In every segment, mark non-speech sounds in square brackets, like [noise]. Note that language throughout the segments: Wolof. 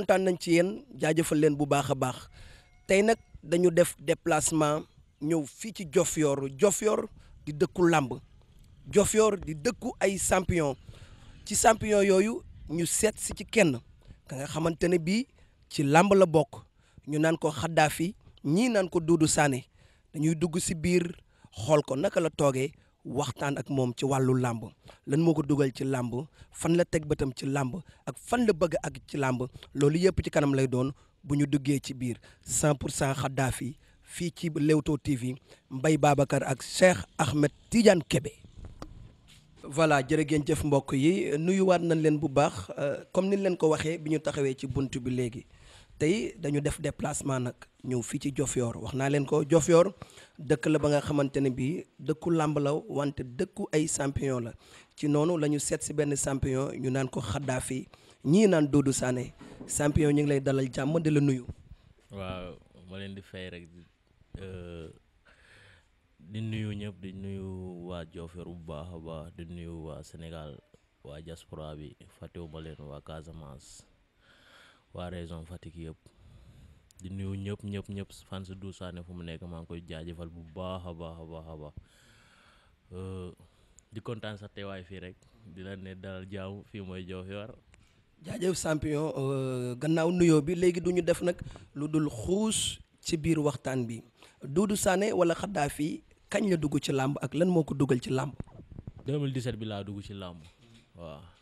kontaan nañ ci yenn jaajëfal leen bu baax a baax tey nag dañu def déplacement ñëw fii ci Diofior Diofior di dëkku làmb Diofior di dëkku ay champion ci champion yooyu ñu seet si ci kenn ka nga xamante ne bii ci làmb la bokk ñu naan ko Xaddaafi ñii naan ko Doudou Sané dañuy dugg si biir xool ko naka la toogee waxtaan ak moom ci wàllu làmb lan moo ko dugal ci làmb fan la teg bëtam ci làmb ak fan la bëgg ak ci làmb loolu yëpp ci kanam lay doon bu ñu duggee ci biir 100 pour cent Xadaafi fii ci Leewtoo TV mbay Babacar ak Cheikh Ahmed Tidiane kebe voilà jërë ngeen jëf mbokk yi nuyu waat nañ leen bu baax euh, comme ni leen ko waxee bi ñu taxawee ci bunt bi léegi. tey dañu def déplacement nag ñëw fii ci jofior wax naa leen ko Diofior dëkk la ba nga xamante ne bii dëkku làmb la wante dëkku ay champion la ci noonu lañu seet si benn champion ñu naan ko Xaddaafi ñii naan Doudou Sané champion ñu ngi lay dalal jàmm di la nuyu. waaw ma leen di fay rek di nuyu ñëpp di nuyu waa Diofior bu baax a baax di nuyu waa Sénégal waa diaspora bi fàttewuma leen waa Casamance. waa région Fatick yëpp di nuyu ñëpp ñëpp ñëpp fans du sànne fu mu nekk maa ngi koy jaajëfal bu baax a baax a baax a baax di kontaan sa teewaay fii rek di la ne daal jaamu fii mooy Diofior jaajëf champion euh, gannaaw nuyo bi léegi du ñu def nag lu dul xuus ci biir waxtaan bi Doudou Sané wala Khadafi kañ la dugg ci làmb ak lan moo ko dugal ci làmb 2017 bi laa dugg ci làmb waaw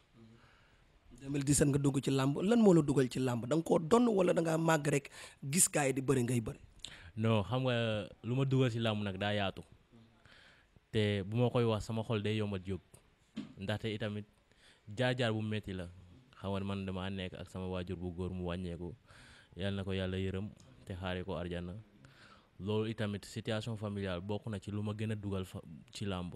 2017 nga dugg ci làmb lan moo la dugal ci làmb da nga koo donn wala dangaa ngaa rek gis kaay di bëri ngay bëri. non xam nga lu ma dugal ci làmb nag daa yaatu te bu ma koy wax sama xol day yombat jóg ndaxte itamit jaar-jaar bu metti la xam nga man damaa nekk ak sama waajur bu góor mu wàññeeku yal na ko yàlla yërëm te xaaree ko arjana loolu itamit situation familiale bokk na ci lu ma gën a dugal ci làmb.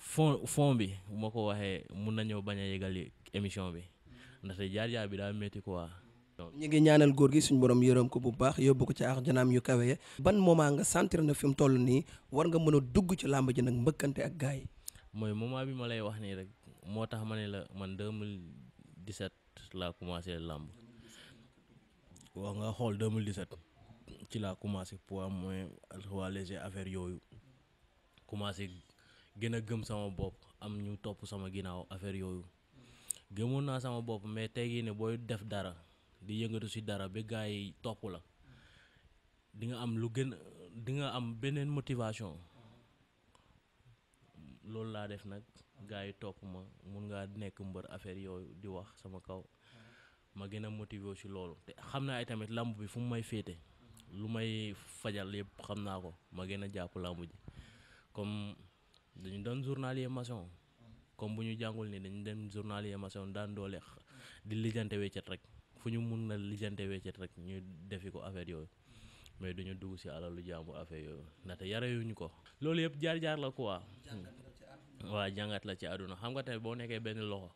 fond fond bi bu ma ko waxee mun nañoo bañ a yëgali émission bi mm-hmm. ndaxte jaar-jaar bi daa métti quoi. ñu ngi ñaanal góor gi suñu borom yërëm ko bu baax yóbbu ko ci ak janaam yu kawee ban moment nga sentir na fi mu toll nii war nga mën a dugg ci làmb ji nag mbëkkante ak gars mooy moment bi ma lay wax nii rek moo tax ma ne la man 2017 laa commencé làmb waaw nga xool 2017 ci laa commencé poids moyen waa léger affaire yooyu commencé. gën a gëm sama bopp am ñu topp sama ginnaaw affaire yooyu gëmoon naa sama bopp mais tey jii booy def dara di yëngatu si dara ba gaa yi topp la di nga am lu gën di nga am beneen motivation loolu laa def nag gars yi topp ma mun ngaa nekk mbër affaire yooyu di wax sama kaw ma gën a motivé si loolu te xam naa tamit lamb bi fu mu may féete lu may fajal yëpp xam naa ko ma gën a jàpp lamb ji comme dañu doon journalier maçon comme bu ñu jàngul ni dañu dem journalier maçon daan doole di lijjante weccet rek fu ñu mun na lijjante weccet rek ñu defi ko affaire yooyu mais duñu dugg si alalu jaamu affaire yooyu ndaxte yarewuñu ko. loolu yëpp jaar-jaar la quoi. waa jàngat la ci àdduna xam nga tamit boo nekkee benn loxo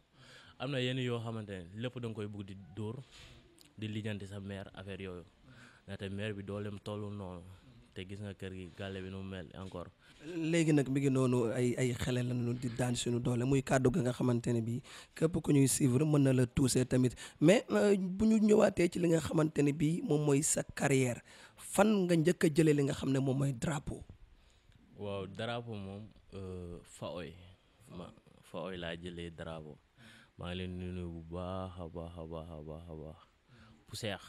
am na yenn yoo xamante ne lépp da koy bugg di dóor di lijjanti sa mère affaire yooyu ndaxte mère bi dooleem tollu noonu. te gis nga kër gi gàlle bi nu mu mel encore. léegi nag mi ngi noonu ay xele la lañu di daan suñu doole muy kàddu gi nga xamante ne bii képp ku ñuy suivre mën na la toucher tamit mais euh, bu ñu ñëwaatee ci li nga xamante ne bii moom mooy sa carrière fan nga njëkk a jëlee li nga xam ne moom mooy drapeau. waaw drapeau moom euh, Faoy ma laa jëlee drapeau maa ngi leen di nuyu bu baax a baax a baax a baax a baax poussière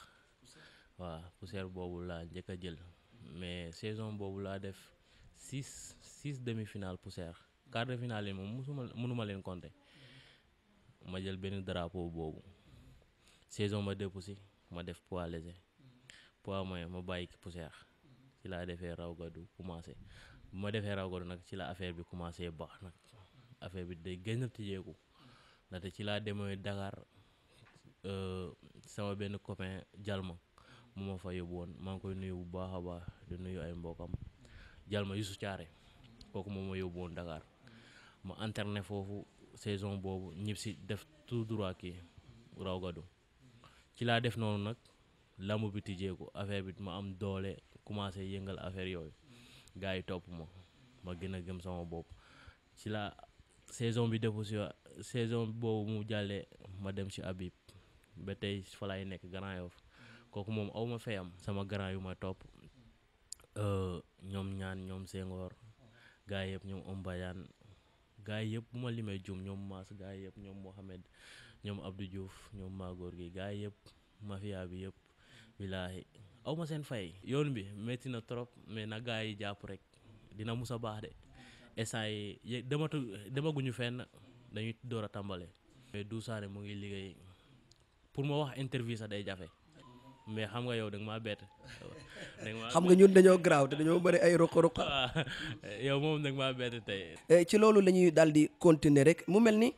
waaw poussière boobu laa njëkk a jël. mais saison boobu laa def six six demi-finale poussière quart de finale yi moom musuma mënuma leen compter ma jël benn drapeau boobu saison ma dëpp si ma def poids léger poids moyen ma bàyyi ki poussière ci laa defee raw gadu commencé bu ma defee raw gadu nag ci la affaire bi commencé baax nag affaire bi day gën a tijjeeku ndaxte ci laa demee Dakar euh, sama benn copain Jalma mu ma fa yóbbu woon maa ngi koy nuyu bu baax a baax di nuyu ay mbokkam jàll ma Youssou Thiaré kooku moom ma yóbbu woon Dakar ma internet foofu saison boobu ñib si def tout droit kii raw gadu ci laa def noonu nag lamb bi tijjeeku affaire bi ma am doole commencé yëngal affaire yooyu gars yi topp ma ma gën a gëm sama bopp ci la saison bi defu si saison boobu mu jàllee ma dem si Habib ba tey fa nekk Grand Yoff kooku moom aw ma am sama grand yu ma topp euh, ñoom ñaan ñoom Senghor gaa yëpp ñoom Ombayaan gaa yëpp bu ma limee jum ñoom Maas gaa yëpp ñoom Mohamed ñoom Abdou Diouf ñoom Magor gi gaa yëpp mafia bi yëpp billaahi aw ma seen fay. yoon bi métti na trop mais na gaa yi jàpp rek dina mus a baax de instant yi dematu demaguñu fenn dañuy door a tàmbale. mais Dou Sané mu ngi liggéey pour ma wax interview sax day jafe. mais xam nga yow da maa bett. xam nga ñun dañoo graaw te dañoo bëri ay ruq-ruq. [laughs] yow moom da nga maa bett eh, ci loolu la ñuy daal di continuer rek mu mel ni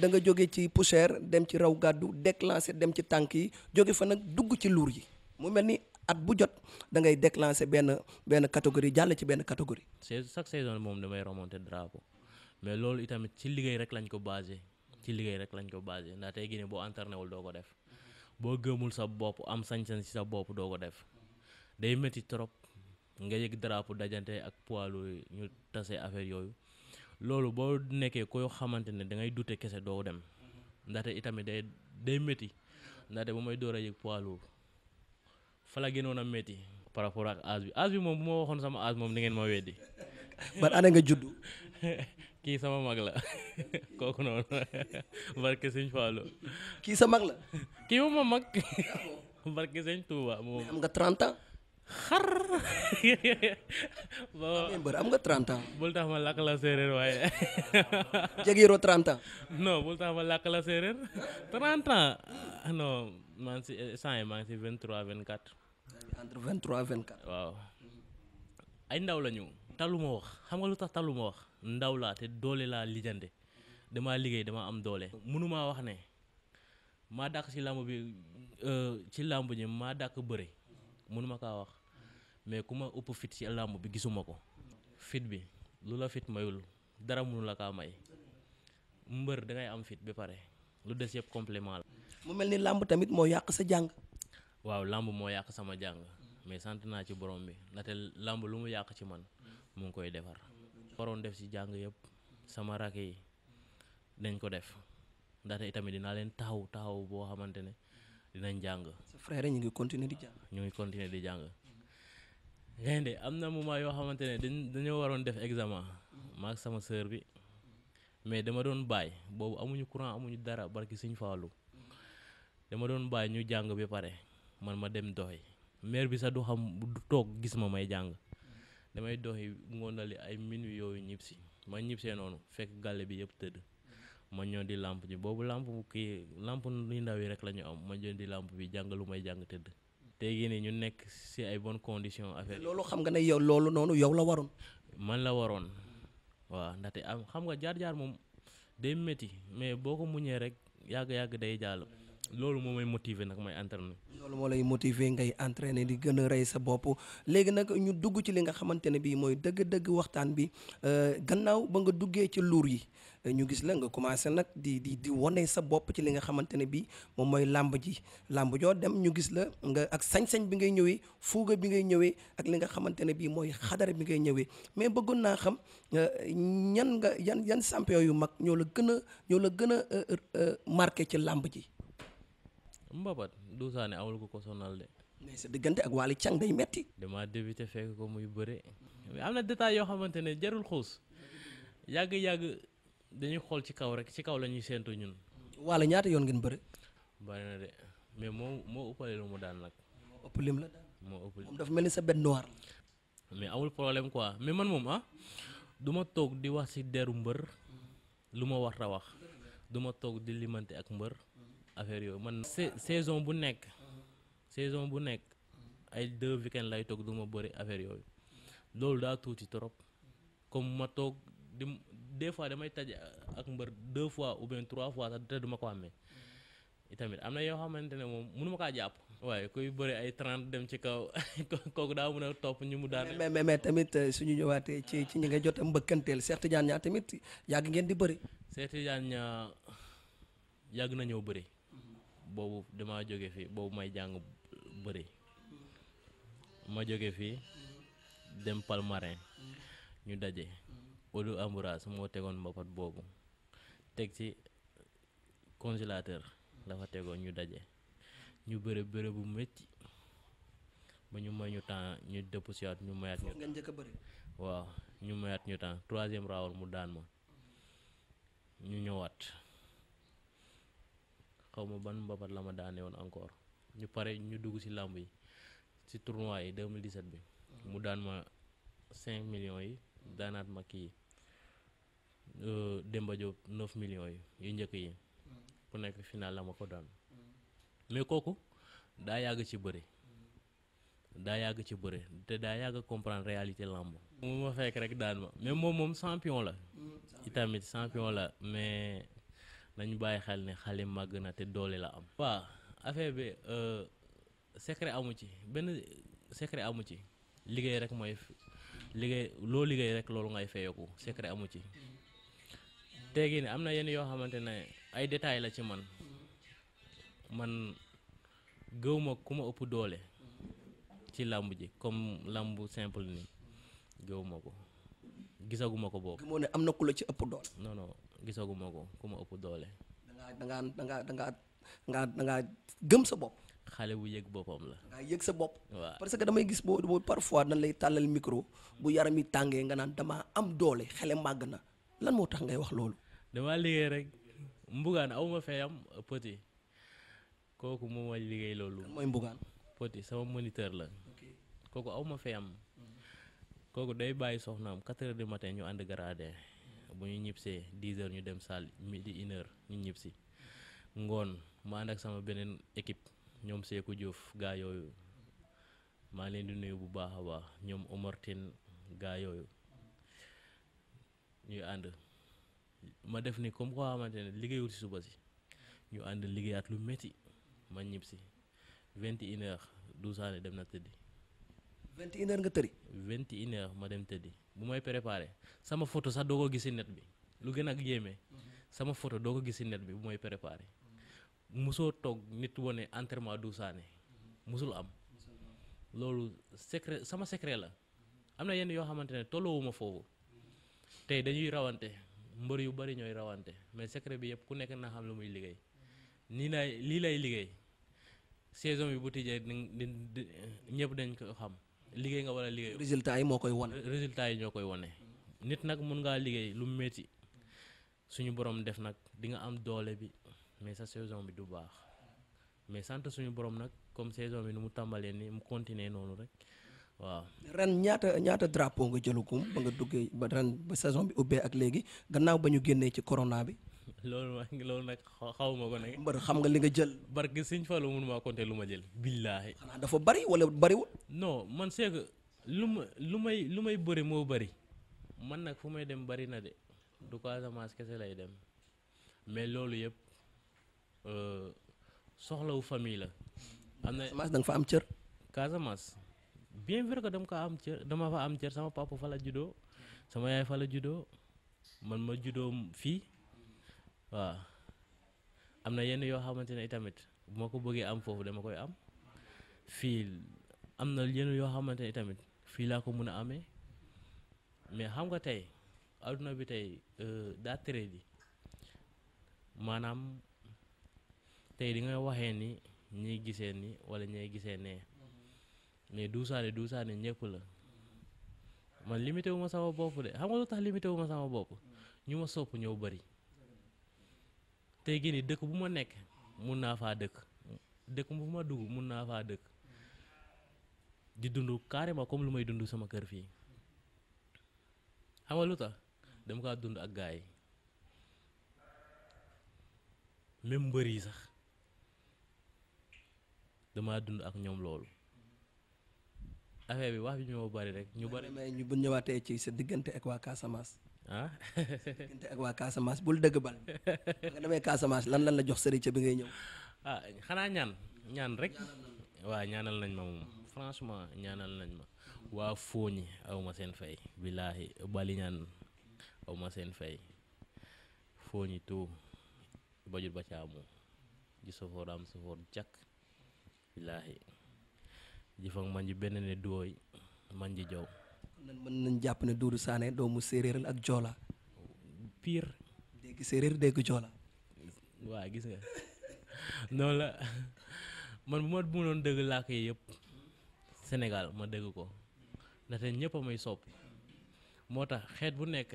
da jóge ci poussière dem ci raw gàddu déclencher dem ci tànk yi jóge fa nag dugg ci luur yi mu mel ni at bu jot da ngay déclencher benn benn catégorie jàll ci benn catégorie. chaque saison moom damay remonter drapeau mais loolu itamit ci liggéey rek lañ ko basé ci liggéey rek lañ ko basé ndax tey Guinée boo entraîné wul doo ko def. boo gëmul sa bopp am sañ-sañ si sa bopp doo ko def day métti trop nga yëg drapeau dajante ak poids lourds ñu tase affaire yooyu loolu boo nekkee koy xamante ne da ngay dute kese doo dem ndaxte itamit day day métti ndaxte bu may door a yëg poids lourds fa la gënoon a métti par rapport ak âge bi âge bi moom bu ma waxoon sama âge moom da ngeen ma weddi. [laughs] ban année nga judd. [laughs] kii sama mag la. [laughs] kooku noonu barke sëñ Fallou. kii sa mag la. kii moom ma mag barke sëñ Touba moom. am nga 30 ans. xar. boo xam am nga 30 ans. bul tax ma làkk la séeréer waaye. jéggiiroo 30 ans. non bul ma làkk maa ngi si saa yi maa ngi si 23 24. entre 23 waaw ay ndaw la ñu. wax xam nga lu tax taluma wax ndaw laa te doole laa lijjante. damaa liggéey damaa am doole. mënumaa wax ne maa dàq ci làmb bi euh, ci làmb ji maa dàq bëri mënuma kaa wax mais ku ma ëpp fit ci làmb bi gisuma ko. fit bi lu la fit mayul dara mënu la kaa may mbër da am fit ba pare lu des yëpp complement la. mu mel ni làmb tamit moo yàq sa jàng. waaw làmb moo yàq sama jàng. mais sant naa ci borom bi ndaxte làmb lu mu yàq ci man mu ngi koy defar. waroon def ci jàng yëpp sama rakk yi. dañ ko def ndaxte itamit dinaa leen taxaw taxaw boo xamante ne dinañ jàng. sa frère ñu ngi continuer di jàng. ñu ngi continuer jàng. gaynde am na moment yoo xamante ne dañ dañoo waroon def examen. ma ak sama sœur bi. mais dama doon bàyyi boobu amuñu courant amuñu dara barki Sëñ Faalu dama doon bàyyi ñu jàng ba pare man ma dem doxi maire bi sax du xam du toog gis ma may jàng damay doxi ngoonali ay minuit yooyu ñibbisi ma ñibbisee noonu fekk gàlle bi yëpp tëdd ma ñoo di làmp ji boobu làmp kii làmp ni ndaw yi rek la ñu am ma ñoo di làmp bi jàng lu may jàng tëdd. tey nii ñu nekk si ay bon condition affaire loolu xam nga ne yow loolu noonu yow la waroon. man la waroon waaw ndaxte am xam nga jaar-jaar moom day métti mais boo ko muñee rek yàgg-yàgg day jàll. loolu moo may motiver nag may entraîner. loolu moo lay motiver ngay entraîner di gën a rey sa bopp léegi nag ñu dugg ci li nga xamante ne bii mooy dëgg-dëgg waxtaan bi euh, gannaaw ba nga duggee ci luur yi ñu gis la nga commencé nag di di di wane sa bopp ci li nga xamante ne bii moom mooy làmb ji làmb joo dem ñu gis la nga ak sañsañ bi ngay ñëwee fuuga bi ngay ñëwee ak li nga xamante ne bii mooy xadar bi ngay ñëwee mais bëggoon naa xam euh, ñan nga yan yan champion yu mag ñoo la gën a ñoo la gën a euh, marqué ci làmb ji. mbabat duusaane amul ko ko sonal de mais sa diggante ak Waly Cang day metti damaa débuté fekk ko muy bëre mais am na détail yoo xamante ne jarul xuus yàgg-yàgg dañuy xool ci kaw rek ci kaw la ñuy séentu ñun Waly ñaata yoon ngeen bëre bari na de mais moo moo ëppale lu mu daan nag moo ëpp lim la moo ëpp lim dafa mel ni sa benn noir mais amul problème quoi mais man moom ah du ma toog di wax ci deru mbër lu ma war a wax du ma di limante ak mbër affaire yooyu man saison bu nekk saison bu nekk ay deux weekend lay toog du ma bëri affaire yooyu loolu daa tuuti trop comme ma toog di des fois damay taj ak mbër deux fois ou bien trois fois te du ko amee tamit am na yoo xamante ne moom mënu ma kaa jàpp. waaye kuy bëri ay trent dem ci kaw [laughs] kooku daa mën a topp ñu mu daan. mais mais tamit euh, suñu ñëwaatee ci ci ñi nga jot a mbëkkanteel Cheikh Tidiane Niang tamit yàgg ngeen di bëri. Cheikh Tidiane Niang yàgg na bëri. boobu damaa jóge fii boobu may jàng bëri ma jóge fii dem Palmarin ñu daje Odu Ambourage moo tegoon mbapat boobu teg ci congélateur la fa tegoon ñu daje ñu bëre bëre bu métti ba ñu may ñu temps ñu dëpp ñu mayaat nga njëkk a bëri waaw ñu mayaat ñu temps troisième round mu daan ma ñu ñëwaat xaw ma ban mbapat la ma daane woon encore ñu pare ñu dugg ci làmb yi ci tournoi yi 2017 bi mu daan ma cinq millions yi daanaat ma kii euh, Demba Diop neuf millions yi yu njëkk yi mm. ku nekk final la ma ko daan mm. mais kooku daa yàgg ci bëri mm. daa yàgg ci bëre te daa yàgg comprendre réalité làmb mu ma fekk rek daan ma mais moom moom champion la itamit champion la mais nañu bàyyi xel ne xale màgg na te doole la am. waa affaire bi euh, secret amu ci benn secret amu ci liggéey rek mooy liggéey loo liggéey rek loolu ngay feyeku secret amu ci teegi ne am na yenn yoo xamante ne ay détails la ci man man gëw ku ma ëpp doole ci làmb ji comme làmb simple ni gëw ma ko gisaguma ko boobu. moo ne am na ku la ci ëpp doole. gisaguma ko ku ma ëpp doole. da ngaa da gëm sa bopp. xale bu yëg boppam la. da yëg sa bopp. waaw parce que damay gis boo boo parfois dañ lay tàllal micro. bu yaram yi tàngee nga naan damaa am doole xele màgg na lan moo tax ngay wax loolu. dama liggéey rek mbugaan aw ma fee am petit kooku moom mooy liggéey loolu. mooy mbugaan. petit sama moniteur la. kooku aw ma mm. kooku day bàyyi soxnaam 4 heures matin ñu ànd garaade. bu ñu ñibsee dix heures ñu dem salle midi une heure ñu ñibsi ngoon ma ànd ak sama beneen équipe ñoom Seeku Diouf gaa yooyu maa leen di nuyu bu baax a baax ñoom Omar Tine yooyu ñuy ànd ma def ni comme koo xamante ne liggéeyul ci suba si ñu ànd liggéeyaat lu métti ma ñibsi vingt et une heures Doussané dem na tëddi vingt et une heures nga tëri. vingt et une heures ma dem tëddi bu may préparé sama photo sax doo ko gis si net bi lu gën ak yéeme sama photo doo ko gis si net bi bu may préparé musoo toog nit wane entraînement du saane musul am loolu secret sama secret la am na yenn yoo xamante ne tolloowuma foofu tey dañuy rawante mbër yu bari ñooy rawante mais secret bi yëpp ku nekk na xam lu muy liggéey nii lay lii lay liggéey saison bi bu tijjee ñëpp dañ ko xam liggéey nga war a liggéey. résultat yi moo koy wane. résultat yi ñoo koy wane. nit nag mun ngaa liggéey lu mu métti suñu borom def nag di nga am doole bi mais sa saison bi du baax mais sant suñu borom nag comme saison bi nu mu tàmbalee nii mu continuer noonu rek waaw. ren ñaata ñaata drapeau nga jëlugum ba nga duggee ba ren ba saison bi ubbee ak léegi gannaaw ba ñu génnee ci corona bi. loolu ma loolu nag xaw ma ko nag. mbër xam nga li nga jël. barke Sëñ Fallou mun maa compter lu ma jël. billaahi. dafa bari wala bariwul. non man c'est lu ma lu may lu may bëri moo bari man nag fu may dem bari na de du kese lay dem mais loolu yëpp euh, soxlawu famille la. na Casamance nga fa am cër. Casamance bien vrai que dama ko am cër dama fa am cër sama papa fa la juddoo sama yaay fa la juddoo man ma juddoo fii. waaw am na yenn yoo xamante ne itamit bu ma ko bëggee am foofu dama koy am fii am na yenn yoo xamante ne itamit fii laa ko mun a amee mais xam nga tey adduna bi tey euh, daa tere di maanaam tey di nga waxee ni ñuy gisee ni wala ñiy gisee nee mais duusaane duusaane ñëpp la man limité wu ma sama bopp de xam nga lu tax limité wu ma sama bopp ñu ma sopp ñëw bari tey gii dëkk bu ma nekk mun naa faa dëkk dëkk bu ma dugg mun naa faa dëkk di dund carrément comme lu may dund sama kër fii xam nga dama kaa dund ak gaa yi même mbër yi sax damaa dund ak ñoom loolu affaire bi wax bi ñoo bari rek. ñu bari mais ñu bu ñëwaatee ci sa diggante ak waa Casamance. ah. [laughs] diggante ak waa Casamance bul dëgg bal bi nga demee Casamance lan lan la jox sëriñ ca bi ngay ñëw. ah xanaa ñaan ñaan rek. waa ñaanal nañ ma moom franchement ñaanal nañ ma waa fooñi aw seen fay billaahi bali ñaan aw seen fay fooñi tout bajul ba caamu ji sofoor am sofoor jakk billaahi ji fag man ji benn ne duwooy man ji jaw mën nañ jàpp ne Doudou Sané doomu séeréer ak joola pire dégg séeréer dégg joola waaw gis nga noon la man bu ma mënoon dëgg làkk yi yëpp Sénégal ma dëgg ko ndaxte ñëpp a may sopp moo tax xeet bu nekk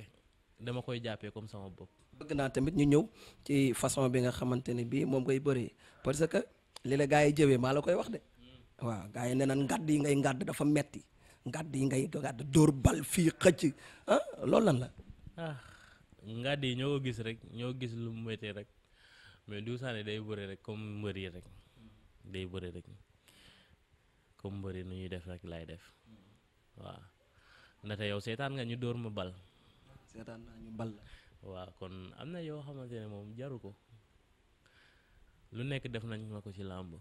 dama koy jàppee comme sama bopp bëgg naa tamit ñu ñëw ci façon bi nga xamante ne bii moom ngay bëree parce que li la gaa yi jëwee maa la koy wax de hmm. waaw gaa yi ne nan ngàdd yi ngay ngàdd dafa metti ngàdd yi ngay gàdd dóor bal fii xëcc ah lan la. ah ngàdd yi ñoo gis rek ñoo gis lu mu méttee rek mais Doudou Sané day bëri rek comme mbër yi rek day bëri rek comme mbër nu ñuy def rek lay def waaw ndaxte yow seetaan nga ñu dóor ma bal. seetaan bal waaw kon am na yoo xamante ne moom jaru ko lu nekk def nañ ma ko ci làmb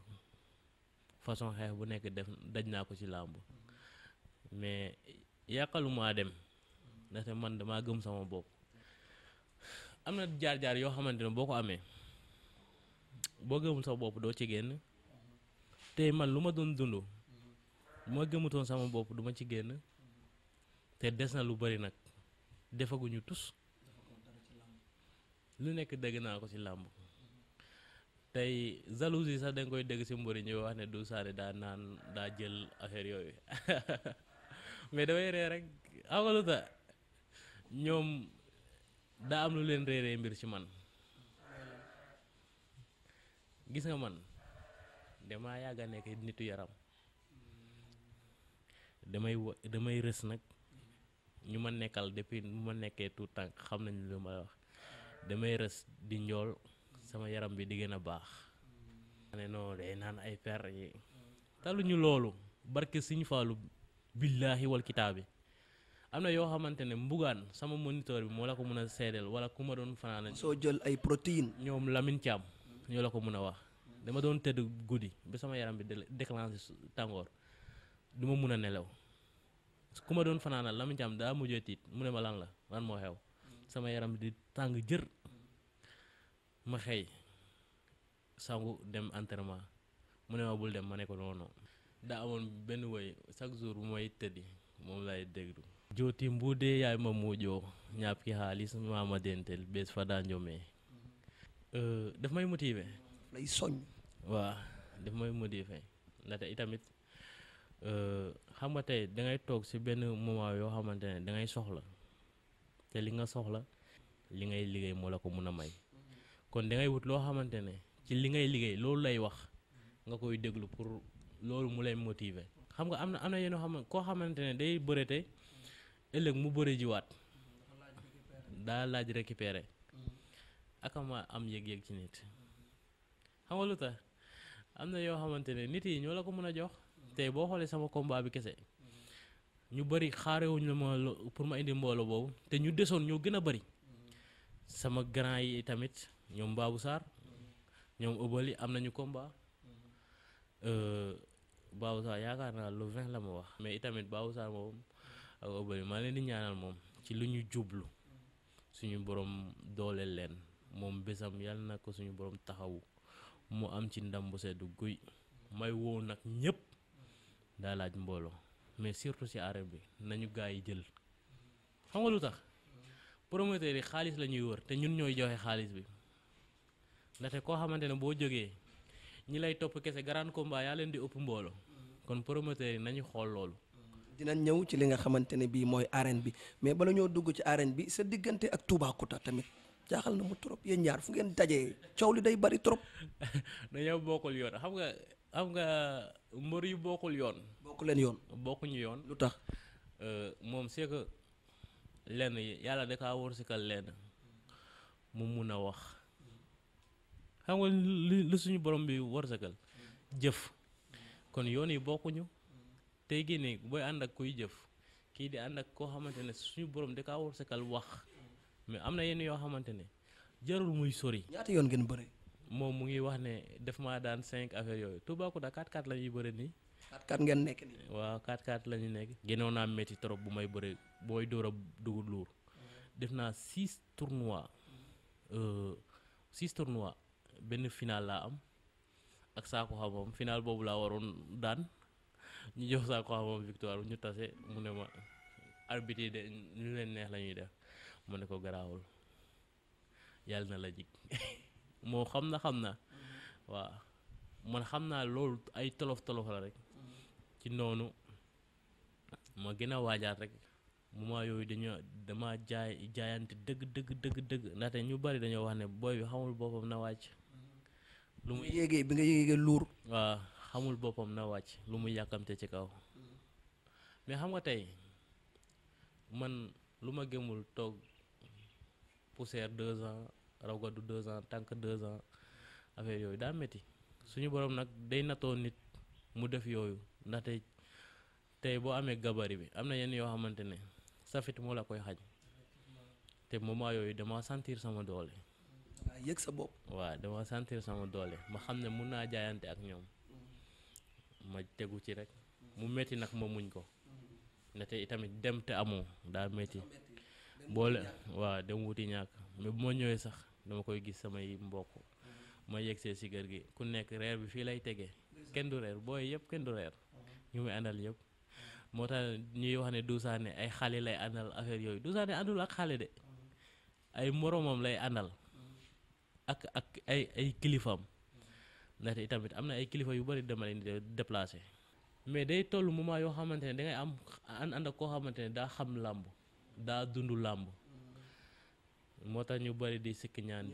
façon xeex bu nekk def daj naa ko ci làmb mais yàqalumaa dem ndaxte man damaa gëm sama bopp am na jaar-jaar yoo xamante ne boo ko amee boo gëmul sa bopp doo ci génn tey man lu ma doon dund bu ma gëmutoon sama bopp duma ci génn te des na lu bari nag defaguñu tus lu nekk dégg naa ko ci làmb tey jalousie sax da nga koy dégg ci mbëri ñuy wax ne du saane daa naan daa jël affaire yooyu [laughs] mais damay ree rek amalu ta ñoom daa am lu leen réeree mbir ci man gis nga man damaa yàgg a nekk nitu yaram damay wa damay rës nag ñu ma nekkal depuis mu ma nekkee tout tànk xam nañ lu ma wax damay rës di njool sama yaram bi di gën a baax ne non day naan ay per yi taluñu loolu barke Sëñ Faalu billaahi wal kitaabi am na yoo xamante ne mbugaan sama moniteur bi moo la ko mën a seedeel wala ku ma doon fanaana soo jël ay protéines. ñoom Lamine Thiam ñoo la ko mën a wax dama doon tëdd guddi ba sama yaram bi déclenché tàngoor du ma mun a nelaw ku ma doon fanaana Lamine Thiam daa mujjee tiit mu ne ma lan la lan moo xew sama yaram di tàng jër ma xëy sangu dem entraînement mu ne ma bul dem ma ne ko noonu daa amoon benn woy chaque jour bu may tëddi moom lay déglu jooti mbuude yaay ma muujoo ñaap ki xaalis maa ma dentel bees fa daa njomee euh, daf may motiver lay soñ waaw daf ndaxte itamit euh, xam nga tey dangay toog si benn moment yoo xamante ne dangay soxla te li nga soxla li ngay liggéey moo la ko mën a may kon dangay wut loo xamante ci li ngay liggéey loolu lay wax nga koy déglu pour loolu mu lay motiver xam nga am na am na yenn xam koo xamante ne day bëre ëllëg mu bëre jiwaat daa laaj récupérer akama am yëg-yëg ci nit xam nga am na yoo xamante ne nit yi ñoo la ko mën a jox tey boo xoolee sama combat bi kese ñu bari xaarewuñ la ma pour ma indi mboolo boobu te ñu desoon ñoo gën a bëri sama grand yi tamit ñoom Babou Sarr ñoom ëbbal yi am nañu komba euh, Babou saa yaakaar naa lu vingt la ma wax mais itamit Babou Sarr moom ak Obali maa leen di ñaanal moom ci lu ñu jublu suñu boroom dooleel leen moom bésam yàlla na ko suñu boroom taxawu mu am ci ndam bu sedd guy may woo nag ñëpp daa laaj mbooloo mais surtout si arène bi nañu gaa yi jël xam nga lu tax promoteurs yi xaalis lañuy ñuy wër te ñun ñooy joxe xaalis bi ndaxte koo xamante ne boo jógee ñi lay topp kese grand combat yaa leen di ëpp mbooloo kon promoteurs yi nañu xool loolu. dinañ ñëw ci li nga xamante ne bii mooy arène bi mais bala ñoo dugg ci arène bi sa diggante ak Toubacouta tamit jaaxal na mu trop yéen ñaar fu ngeen dajee coow li day bari trop. [laughs] dañoo bokkul yoon xam nga xam nga mbër yu bokkul yoon. bokku leen yoon. bokkuñu yoon lu tax. Euh, moom c'est que lenn yàlla da kaa wóor lenn mu mun a wax. xam nga suñu borom bi warsagal jëf kon yoon yi bokkuñu tey gi ne booy ànd ak kuy jëf kii di ànd ak koo xamante ne suñu borom da kaa warsagal wax mais am na yenn yoo xamante ne jarul muy sori. ñaata yoon ngeen bëre. moom mu ngi wax ne daf maa daan cinq affaire yooyu Toubacouta 4-4 la ñuy bëre nii. 4-4 ngeen nekk nii. waaw 4-4 la ñuy nekk. génnoon naa métti trop bu may bëre booy door a dugg luur def naa six tournois euh, six tournois benn final laa am ak saako xamam final boobu laa waroon daan ñu jox saako xamam victoire ñu tase mu ne ma arbitre de ñu leen neex la ñuy def mu ne ko garaawul yàlla na la jig [laughs] moo xam na xam na waaw man xam naa loolu ay tolof tolof la rek ci noonu ma gën a waajaat rek ma yooyu dañoo dama jaay jaayante dëgg dëgg dëgg dëgg ndaxte ñu bari dañoo wax ne booy bi xamul boppam na wàcc lu mu yéegee bi nga yéegee luur. waaw xamul boppam na wàcc lu mu yàkkamte ci kaw. mais xam nga tey man lu ma gëmul toog poussière deux ans raw gàddu deux ans tànk deux ans affaire yooyu daa métti suñu borom nag day natoo nit mu def yooyu ndaxte tey boo amee gabari bi am na yenn yoo xamante ne safit moo la koy xaj te moom moment yooyu dama sentir sama doole. dangaa sa bopp. waaw dama sentir sama doole ma xam ne mun naa jaayante ak ñoom ma tegu ci rek mu metti nag ma muñ ko ne te itamit dem te amoo daa metti boole waaw dem wuti ñàkk mais bu ma ñëwee sax dama koy gis samay mbokk mm-hmm. ma yegsee si kër gi ku nekk reer bi fii lay tegee kenn du reer booy yëpp kenn du reer mm-hmm. ñu muy àndal yëpp moo tax ñuy wax ne Duusaane ay xale lay àndal affaire yooyu Duusaane àndul ak xale de mm-hmm. ay moroomam lay àndal ak ak ay ay kilifaam ndaxte itamit am na ay kilifa yu bëri dama leen di déplacé mais day toll moment yoo xamante ne dangay am ànd ànd ak koo xamante ne daa xam làmb daa dund làmb moo tax ñu bëri di sikk ñaan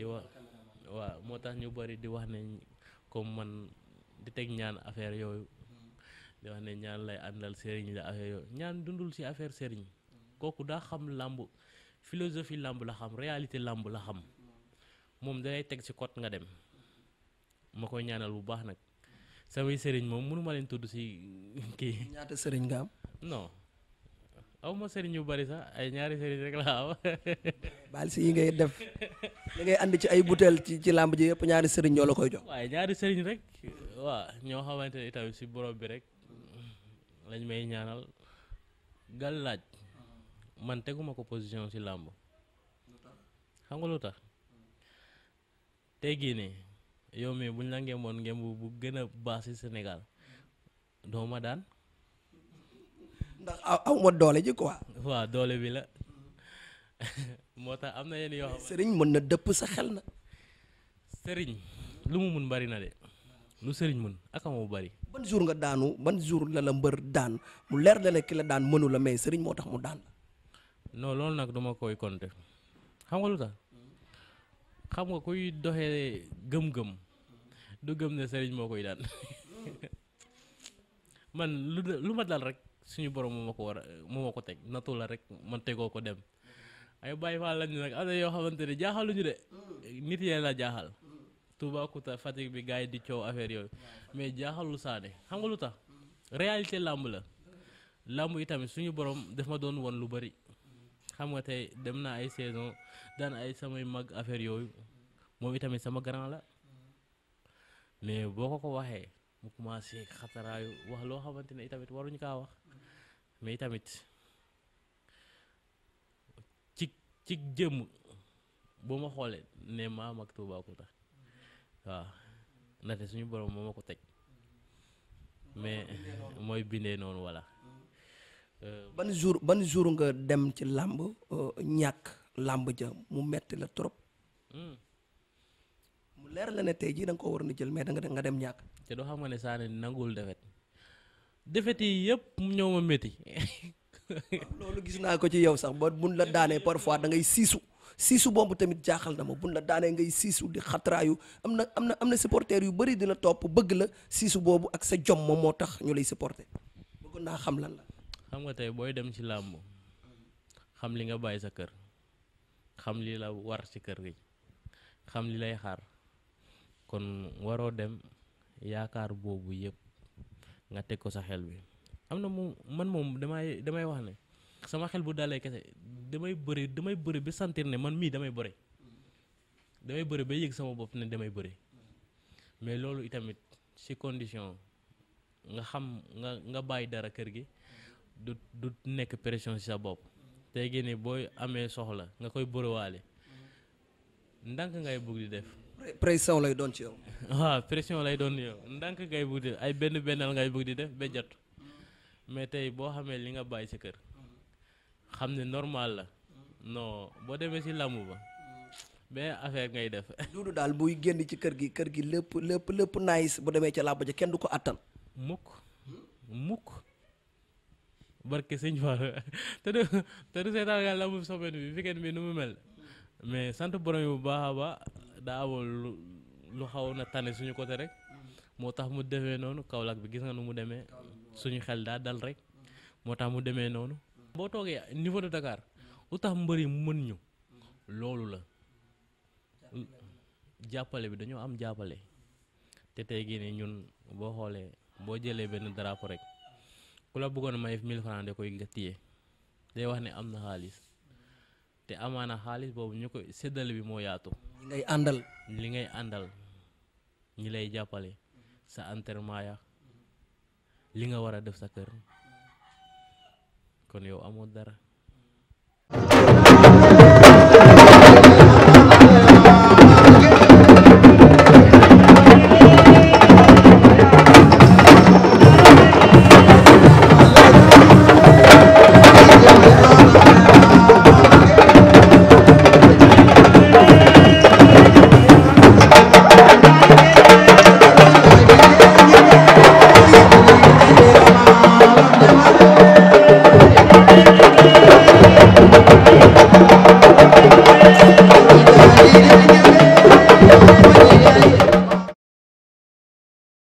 moo tax ñu bëri di wax ne comme man di teg ñaan affaire yooyu di wax ne ñaan lay àndal sëriñ la affaire yooyu ñaan dundul ci affaire sëriñ kooku daa xam làmb philosophie làmb la xam réalité làmb la xam moom dalay teg ci kot nga dem ma ko ñaanal bu baax nag samay sëriñ moom mënuma leen tudd si [laughs] kii. ñaata sëriñ nga am. non aw ma sëriñ yu bari sax ay ñaari sëriñ rek la am. [laughs] baal si yi ngay def li ngay andi ci ay butéel ci ci làmb ji yëpp ñaari sëriñ ñoo la koy jox. waaye ñaari sëriñ rek waa ñoo xamante ne itam si borom bi rek lañ may ñaanal laaj man teguma ko position si làmb xam tax. tey jii nii yow mii buñ la ngeemoon ngeem bu gën a baax si Sénégal doo ma daan. ndax aw ma doole ji quoi. waaw doole bi la moo tax am na yenn yoo xam ne sëriñ mën na dëpp sa xel na. sëriñ lu mu mun bari na de lu mun ak amoo bari. ban jour nga daanu ban jour la la mbër daan mu leer la ne ki la daan mënu la mais sëriñ moo tax mu daan. non loolu nag duma koy compter xam nga lu tax xam nga kuy doxee gëm-gëm du gëm ne sëriñ moo koy daan [laughs] man lu lu ma dal rek suñu borom moo ma ko war a moo ma ko teg nattu la rek man tegoo ko dem ay bàyyi faa lañ nag am na yoo xamante ne jaaxaluñu de nit yee la jaaxal Toubacouta Fatick bi gars yi di coow affaire yooyu mais jaaxalul Sané xam nga lu tax réalité làmb la làmb yi tamit suñu borom daf ma doon won lu bari xam nga tey dem naa ay saison daan ay samay mag affaire yooyu moom itamit sama grand la mais boo ko ko waxee mu commencé xataraayu wax loo xamante ne itamit waruñu kaa wax mais itamit ci ci jëmm boo ma xoolee ne maa mag Toubacouta waaw ndaxte suñu borom moo ma ko teg mais mooy bindee noonu voilà. ban jour ban jour nga dem ci làmb euh, ñàkk làmb ja mu metti la trop. Hmm. mu leer la ne tey jii da ko war na jël mais da nga dem ñàkk. te doo xam nga ne Sané nanguwul defet defet yi yëpp ñëw ma métti. [laughs] loolu gis naa ko ci yow sax ba buñ la daanee parfois da ngay siisu siisu boobu tamit jaaxal na ma buñ la daanee ngay siisu di xatraayu am na am na am na supporters yu bëri di la topp bëgg la siisu boobu ak sa jom moom moo tax ñu lay supporter bëgg naa xam lan la. xam nga tey booy dem ci làmb xam li nga bàyyi sa kër xam li la war si kër gi xam li lay xaar kon waroo dem yaakaar boobu yëpp nga teg ko sa xel bi am na mu man moom damay damay wax ne sama xel bu dalee kese damay bëri damay bëri ba sentir ne man mii damay bëri damay bëri ba yëg sama bopp ne damay bëri mais loolu itamit si condition nga xam nga nga bàyyi dara kër gi du du nekk pression ci sa bopp tey génne booy amee soxla nga koy bërëwaale ndànk ngay bugg di def pression lay doon ci yow [laughs] waaw pression lay doon yow ndànk ngay bugg di def ay benn bennal ngay di def ba jot mais tey boo xamee li nga bàyyi sa kër xam ne normal la non boo demee si làmb ba mais affaire ngay def. [laughs] Doudou daal buy génn ci kër gi kër gi lépp lépp lépp nice bu demee ca làmb kenn du ko attan. mukk mukk barke sëñ Fall [laughs] te du seetaan yàlla amul semaine bi weekend bi nu mu mel mais sant borom bu baax a baax daa amoon lu xaw na tane suñu côté rek moo tax mu demee noonu Kaolack bi gis nga nu mu demee suñu xel daa dal rek moo tax mu demee noonu. boo toogee niveau de Dakar lu tax mbër yi mën ñu loolu la jàppale bi dañoo am jàppale te tey gii ñun boo xoolee boo jëlee benn drapeau rek. ku la bëggoon may 1000 francs koy nga téye day wax ne am na xaalis te amaana xaalis boobu ñu ko séddale bi moo yaatu. li ngay àndal. li ngay àndal ñi lay jàppale sa entraînement ya li nga war a def sa kër kon yow amoo dara.